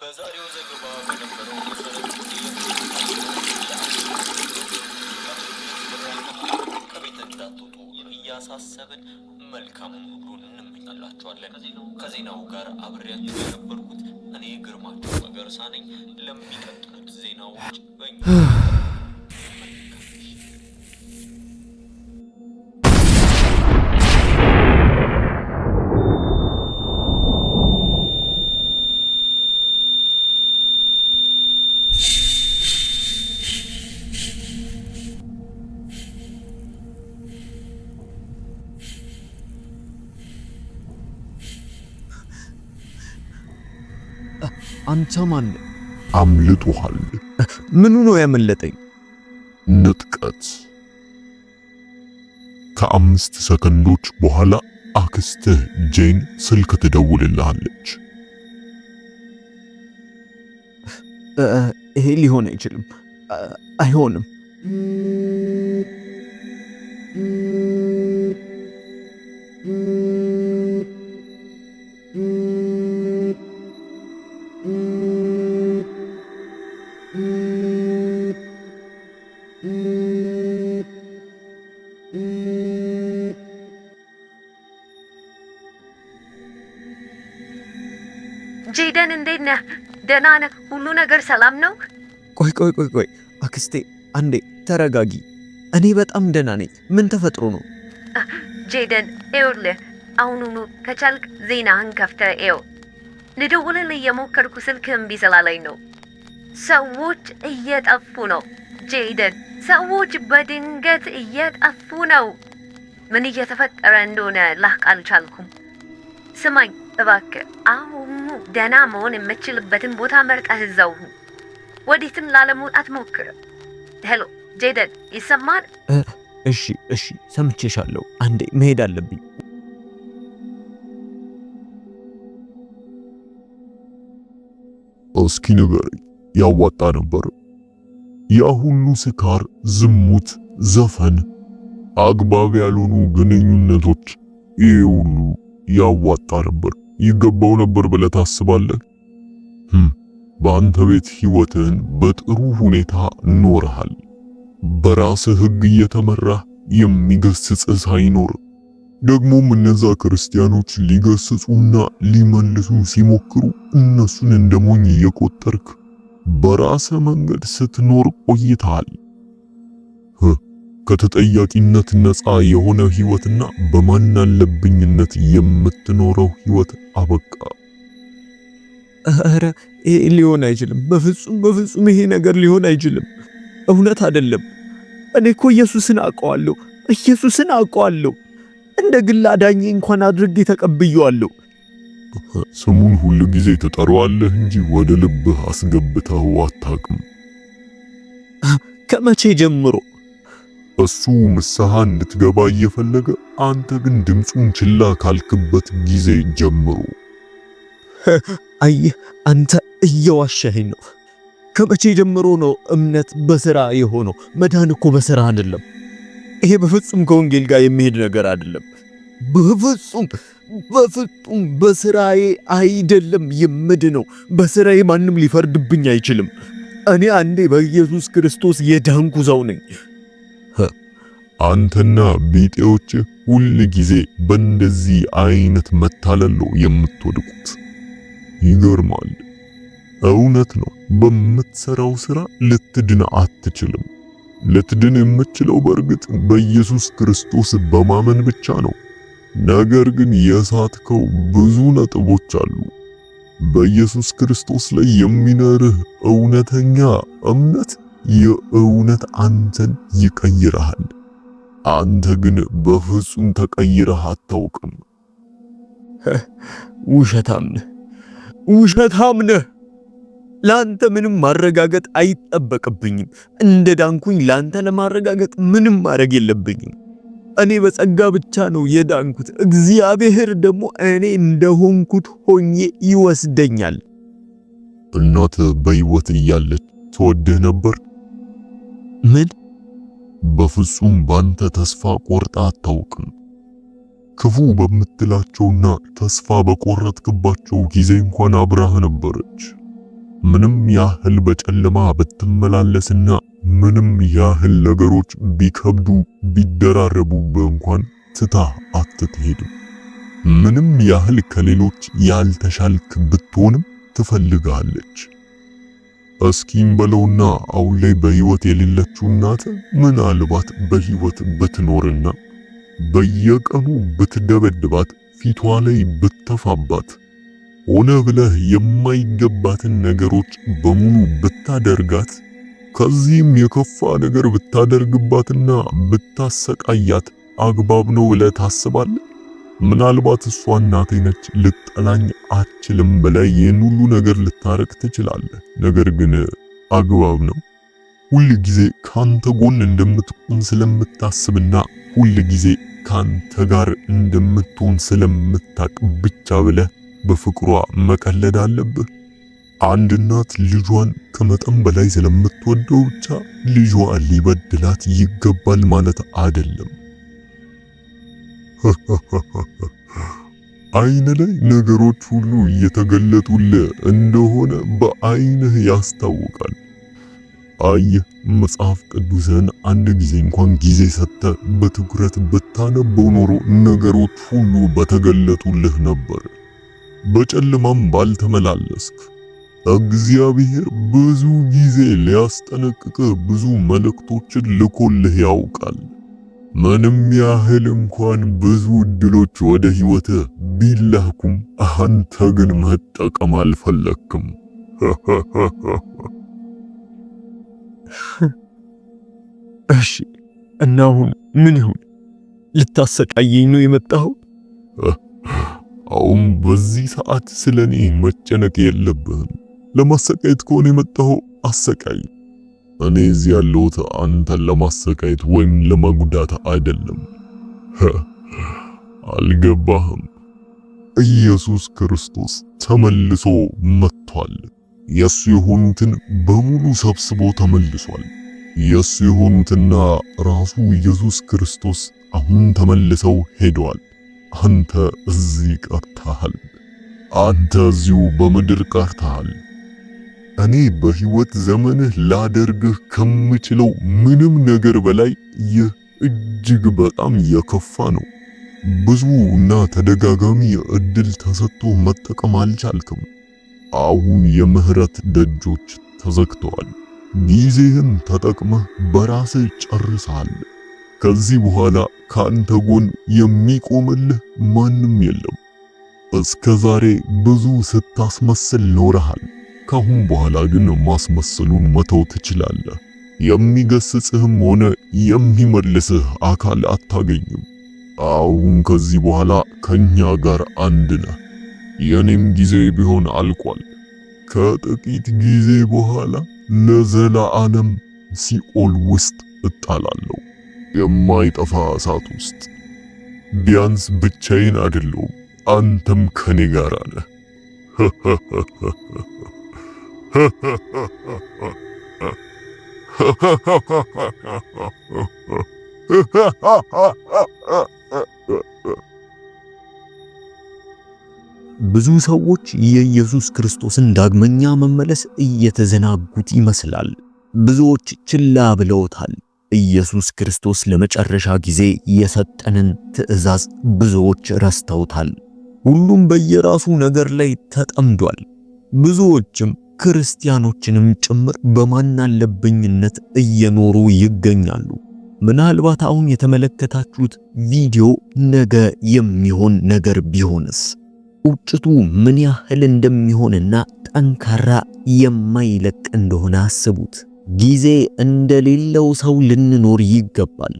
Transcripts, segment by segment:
በዛሬው ዘገባ በነበረው መሰረት ከቤት እንዳትወጡ እያሳሰብን መልካሙን ሁሉ እንመኛላችኋለን። ከዜናው ጋር አብሬያችሁ የነበርኩት እኔ ግርማቸው መገርሳ ነኝ። ለሚቀጥሉት ዜናዎች በእኛ አንተ ማን? አምልጦሃል። ምኑ ነው ያመለጠኝ? ንጥቀት። ከአምስት ሰከንዶች በኋላ አክስትህ ጄን ስልክ ትደውልልሃለች። ይሄ ሊሆን አይችልም፣ አይሆንም። ነህ? ደህና ነህ? ሁሉ ነገር ሰላም ነው? ቆይ ቆይ ቆይ ቆይ አክስቴ አንዴ ተረጋጊ። እኔ በጣም ደህና ነኝ። ምን ተፈጥሮ ነው? ጄደን ይኸውልህ፣ አሁኑኑ ከቻልክ ዜናህን ከፍተህ ይኸው። ልደውልልህ የሞከርኩ ስልክህ እምቢ ስላለኝ ነው። ሰዎች እየጠፉ ነው ጄደን፣ ሰዎች በድንገት እየጠፉ ነው። ምን እየተፈጠረ እንደሆነ ላውቅ አልቻልኩም። ስማኝ እባክህ አሁኑ ደህና መሆን የምችልበትን ቦታ መርጠህ እዛው ወዴትም ላለመውጣት ሞክር። ሄሎ ጄደን ይሰማል? እሺ እሺ፣ ሰምቼሻለሁ። አንዴ መሄድ አለብኝ። እስኪ ንገረኝ፣ ያዋጣ ነበር ያ ሁሉ ስካር፣ ዝሙት፣ ዘፈን፣ አግባብ ያልሆኑ ግንኙነቶች ይህ ሁሉ ያዋጣ ነበር፣ ይገባው ነበር ብለህ ታስባለህ? በአንተ ቤት ህይወትን በጥሩ ሁኔታ ኖርሃል። በራስህ ህግ እየተመራህ የሚገስጽ ሳይኖር ደግሞም እነዛ ክርስቲያኖች ሊገስጹና ሊመልሱ ሲሞክሩ እነሱን እንደሞኝ እየቆጠርክ በራስህ መንገድ ስትኖር ቆይተሃል። ከተጠያቂነት ነፃ የሆነ ህይወትና በማናለብኝነት የምትኖረው ህይወት አበቃ። አረ ይሄ ሊሆን አይችልም። በፍጹም በፍጹም ይሄ ነገር ሊሆን አይችልም። እውነት አይደለም። እኔ እኮ ኢየሱስን አውቀዋለሁ፣ ኢየሱስን አውቀዋለሁ። እንደ ግል አዳኜ እንኳን አድርጌ ተቀብየዋለሁ። ስሙን ሁል ጊዜ ትጠራዋለህ እንጂ ወደ ልብህ አስገብተው አታውቅም። ከመቼ ጀምሮ? እሱ ንስሐ እንድትገባ እየፈለገ አንተ ግን ድምፁን ችላ ካልክበት ጊዜ ጀምሮ አይ አንተ እየዋሸኸኝ ነው። ከመቼ ጀምሮ ነው እምነት በሥራ የሆነው? መዳን እኮ በሥራ አይደለም። ይሄ በፍጹም ከወንጌል ጋር የሚሄድ ነገር አይደለም። በፍጹም በፍጹም በሥራዬ አይደለም የምድነው። በሥራዬ ማንም ሊፈርድብኝ አይችልም። እኔ አንዴ በኢየሱስ ክርስቶስ የዳንኩ ሰው ነኝ። አንተና ቢጤዎች ሁል ጊዜ በእንደዚህ አይነት መታለል ነው የምትወድቁት። ይገርማል። እውነት ነው፣ በምትሰራው ሥራ ልትድን አትችልም። ልትድን የምትችለው በእርግጥ በኢየሱስ ክርስቶስ በማመን ብቻ ነው። ነገር ግን የሳትከው ብዙ ነጥቦች አሉ። በኢየሱስ ክርስቶስ ላይ የሚኖርህ እውነተኛ እምነት የእውነት አንተን ይቀይርሃል። አንተ ግን በፍጹም ተቀይረህ አታውቅም። ውሸታም ነህ፣ ውሸታም ነህ። ላንተ ምንም ማረጋገጥ አይጠበቅብኝም። እንደ ዳንኩኝ ላንተ ለማረጋገጥ ምንም ማድረግ የለብኝም። እኔ በጸጋ ብቻ ነው የዳንኩት። እግዚአብሔር ደግሞ እኔ እንደሆንኩት ሆኜ ይወስደኛል። እናት በሕይወት እያለች ትወድህ ነበር? ምን በፍጹም ባንተ ተስፋ ቆርጣ አታውቅም። ክፉ በምትላቸውና ተስፋ በቆረጥክባቸው ጊዜ እንኳን አብራህ ነበረች። ምንም ያህል በጨለማ ብትመላለስና ምንም ያህል ነገሮች ቢከብዱ ቢደራረቡብህ እንኳን ትታ አትትሄድም። ምንም ያህል ከሌሎች ያልተሻልክ ብትሆንም ትፈልጋለች። እስኪም በለውና አሁን ላይ በህይወት የሌለችው እናት ምናልባት በህይወት ብትኖርና በየቀኑ ብትደበድባት፣ ፊቷ ላይ ብትተፋባት፣ ሆነ ብለህ የማይገባትን ነገሮች በሙሉ ብታደርጋት፣ ከዚህም የከፋ ነገር ብታደርግባትና ብታሰቃያት አግባብ ነው ብለህ ታስባለህ? ምናልባት እሷ እናቴ ነች ልጠላኝ አትችልም ብለህ ይህን ሁሉ ነገር ልታረቅ ትችላለህ። ነገር ግን አግባብ ነው ሁል ጊዜ ካንተ ጎን እንደምትቆም ስለምታስብና ሁል ጊዜ ካንተ ጋር እንደምትሆን ስለምታቅ ብቻ ብለህ በፍቅሯ መቀለድ አለብህ። አንድ እናት ልጇን ከመጠን በላይ ስለምትወደው ብቻ ልጇ ሊበድላት ይገባል ማለት አይደለም። አይን ላይ ነገሮች ሁሉ እየተገለጡለ እንደሆነ በአይንህ ያስታውቃል። አየህ መጽሐፍ ቅዱስን አንድ ጊዜ እንኳን ጊዜ ሰጥተ በትኩረት ብታነበው ኖሮ ነገሮች ሁሉ በተገለጡልህ ነበር። በጨለማም ባልተመላለስክ። እግዚአብሔር ብዙ ጊዜ ሊያስጠነቅቅህ ብዙ መልእክቶችን ልኮልህ ያውቃል። ምንም ያህል እንኳን ብዙ እድሎች ወደ ህይወት ቢላኩም አንተ ግን መጠቀም አልፈለክም። እሺ እና አሁን ምን ይሁን? ልታሰቃየኝ ነው የመጣኸው? አሁን በዚህ ሰዓት ስለኔ መጨነቅ የለብህም። ለማሰቃየት ከሆነ የመጣኸው አሰቃይ። እኔ እዚህ ያለሁት አንተን ለማሰቃየት ወይም ለመጉዳት አይደለም። አልገባህም? ኢየሱስ ክርስቶስ ተመልሶ መጥቷል። የሱ የሆኑትን በሙሉ ሰብስቦ ተመልሷል። የሱ የሆኑትና ራሱ ኢየሱስ ክርስቶስ አሁን ተመልሰው ሄደዋል። አንተ እዚህ ቀርተሃል። አንተ እዚሁ በምድር ቀርተሃል። እኔ በህይወት ዘመንህ ላደርግህ ከምችለው ምንም ነገር በላይ ይህ እጅግ በጣም የከፋ ነው። ብዙ እና ተደጋጋሚ እድል ተሰጥቶ መጠቀም አልቻልክም። አሁን የምህረት ደጆች ተዘግተዋል። ጊዜህን ተጠቅመህ በራስህ ጨርሰሃል። ከዚህ በኋላ ከአንተ ጎን የሚቆምልህ ማንም የለም። እስከ ዛሬ ብዙ ስታስመስል ኖረሃል። ካሁን በኋላ ግን ማስመሰሉን መተው ትችላለህ። የሚገስጽህም ሆነ የሚመልስህ አካል አታገኝም። አሁን ከዚህ በኋላ ከኛ ጋር አንድ ነህ። የኔም ጊዜ ቢሆን አልቋል። ከጥቂት ጊዜ በኋላ ለዘላለም ሲኦል ውስጥ እጣላለሁ፣ የማይጠፋ እሳት ውስጥ። ቢያንስ ብቻዬን አይደለሁም፣ አንተም ከኔ ጋር ነህ። ብዙ ሰዎች የኢየሱስ ክርስቶስን ዳግመኛ መመለስ እየተዘናጉት ይመስላል። ብዙዎች ችላ ብለውታል። ኢየሱስ ክርስቶስ ለመጨረሻ ጊዜ የሰጠንን ትዕዛዝ ብዙዎች ረስተውታል። ሁሉም በየራሱ ነገር ላይ ተጠምዷል። ብዙዎችም ክርስቲያኖችንም ጭምር በማናለብኝነት እየኖሩ ይገኛሉ። ምናልባት አሁን የተመለከታችሁት ቪዲዮ ነገ የሚሆን ነገር ቢሆንስ ቁጭቱ ምን ያህል እንደሚሆንና ጠንካራ የማይለቅ እንደሆነ አስቡት። ጊዜ እንደሌለው ሰው ልንኖር ይገባል።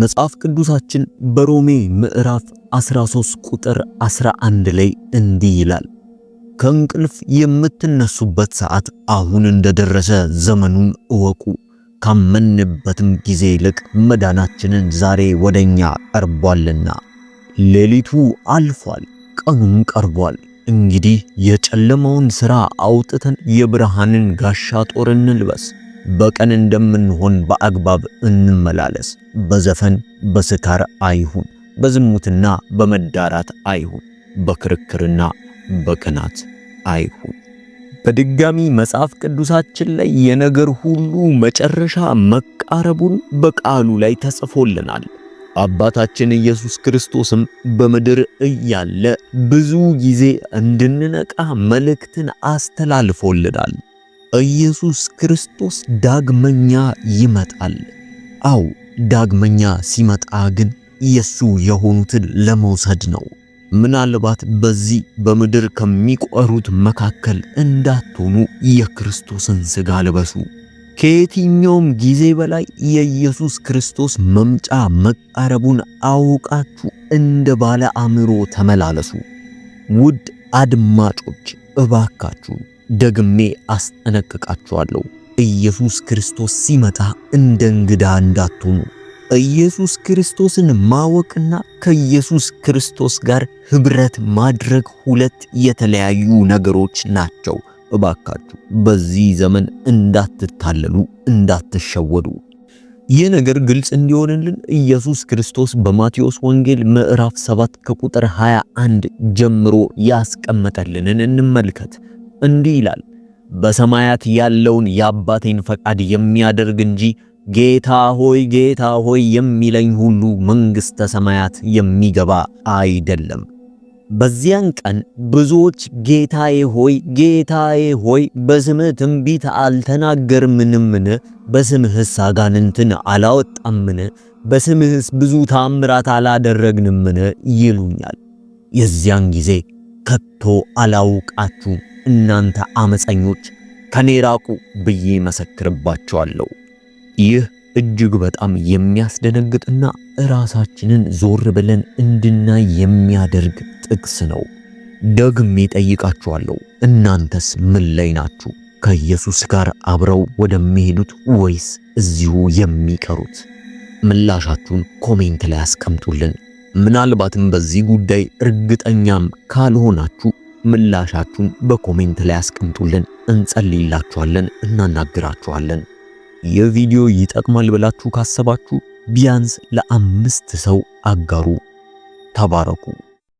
መጽሐፍ ቅዱሳችን በሮሜ ምዕራፍ 13 ቁጥር 11 ላይ እንዲህ ይላል ከእንቅልፍ የምትነሱበት ሰዓት አሁን እንደደረሰ ዘመኑን እወቁ። ካመንበትም ጊዜ ይልቅ መዳናችንን ዛሬ ወደኛ ቀርቧልና። ሌሊቱ አልፏል፣ ቀኑም ቀርቧል። እንግዲህ የጨለማውን ሥራ አውጥተን የብርሃንን ጋሻ ጦር እንልበስ። በቀን እንደምንሆን በአግባብ እንመላለስ። በዘፈን በስካር አይሁን፣ በዝሙትና በመዳራት አይሁን፣ በክርክርና በቅናት አይሁን። በድጋሚ መጽሐፍ ቅዱሳችን ላይ የነገር ሁሉ መጨረሻ መቃረቡን በቃሉ ላይ ተጽፎልናል። አባታችን ኢየሱስ ክርስቶስም በምድር እያለ ብዙ ጊዜ እንድንነቃ መልእክትን አስተላልፎልናል። ኢየሱስ ክርስቶስ ዳግመኛ ይመጣል። አው ዳግመኛ ሲመጣ ግን የሱ የሆኑትን ለመውሰድ ነው። ምናልባት በዚህ በምድር ከሚቆሩት መካከል እንዳትሆኑ የክርስቶስን ሥጋ ልበሱ። ከየትኛውም ጊዜ በላይ የኢየሱስ ክርስቶስ መምጫ መቃረቡን አውቃችሁ እንደ ባለ አእምሮ ተመላለሱ። ውድ አድማጮች እባካችሁ ደግሜ አስጠነቅቃችኋለሁ። ኢየሱስ ክርስቶስ ሲመጣ እንደ እንግዳ እንዳትሆኑ። ኢየሱስ ክርስቶስን ማወቅና ከኢየሱስ ክርስቶስ ጋር ህብረት ማድረግ ሁለት የተለያዩ ነገሮች ናቸው። እባካችሁ በዚህ ዘመን እንዳትታለሉ፣ እንዳትሸወዱ። ይህ ነገር ግልጽ እንዲሆንልን ኢየሱስ ክርስቶስ በማቴዎስ ወንጌል ምዕራፍ 7 ከቁጥር 21 ጀምሮ ያስቀመጠልንን እንመልከት። እንዲህ ይላል፣ በሰማያት ያለውን የአባቴን ፈቃድ የሚያደርግ እንጂ ጌታ ሆይ ጌታ ሆይ የሚለኝ ሁሉ መንግሥተ ሰማያት የሚገባ አይደለም። በዚያን ቀን ብዙዎች ጌታዬ ሆይ ጌታዬ ሆይ በስምህ ትንቢት አልተናገርምንምን? በስምህስ አጋንንትን አላወጣምን? በስምህስ ብዙ ታምራት አላደረግንምን? ይሉኛል። የዚያን ጊዜ ከቶ አላውቃችሁም እናንተ አመፀኞች ከኔ ራቁ ብዬ መሰክርባቸዋለሁ። ይህ እጅግ በጣም የሚያስደነግጥና ራሳችንን ዞር ብለን እንድናይ የሚያደርግ ጥቅስ ነው። ደግሜ ጠይቃችኋለሁ፣ እናንተስ ምን ላይ ናችሁ? ከኢየሱስ ጋር አብረው ወደሚሄዱት ወይስ እዚሁ የሚቀሩት? ምላሻችሁን ኮሜንት ላይ አስቀምጡልን። ምናልባትም በዚህ ጉዳይ እርግጠኛም ካልሆናችሁ ምላሻችሁን በኮሜንት ላይ አስቀምጡልን። እንጸልይላችኋለን፣ እናናግራችኋለን። ይህ ቪዲዮ ይጠቅማል ብላችሁ ካሰባችሁ ቢያንስ ለአምስት ሰው አጋሩ። ተባረኩ።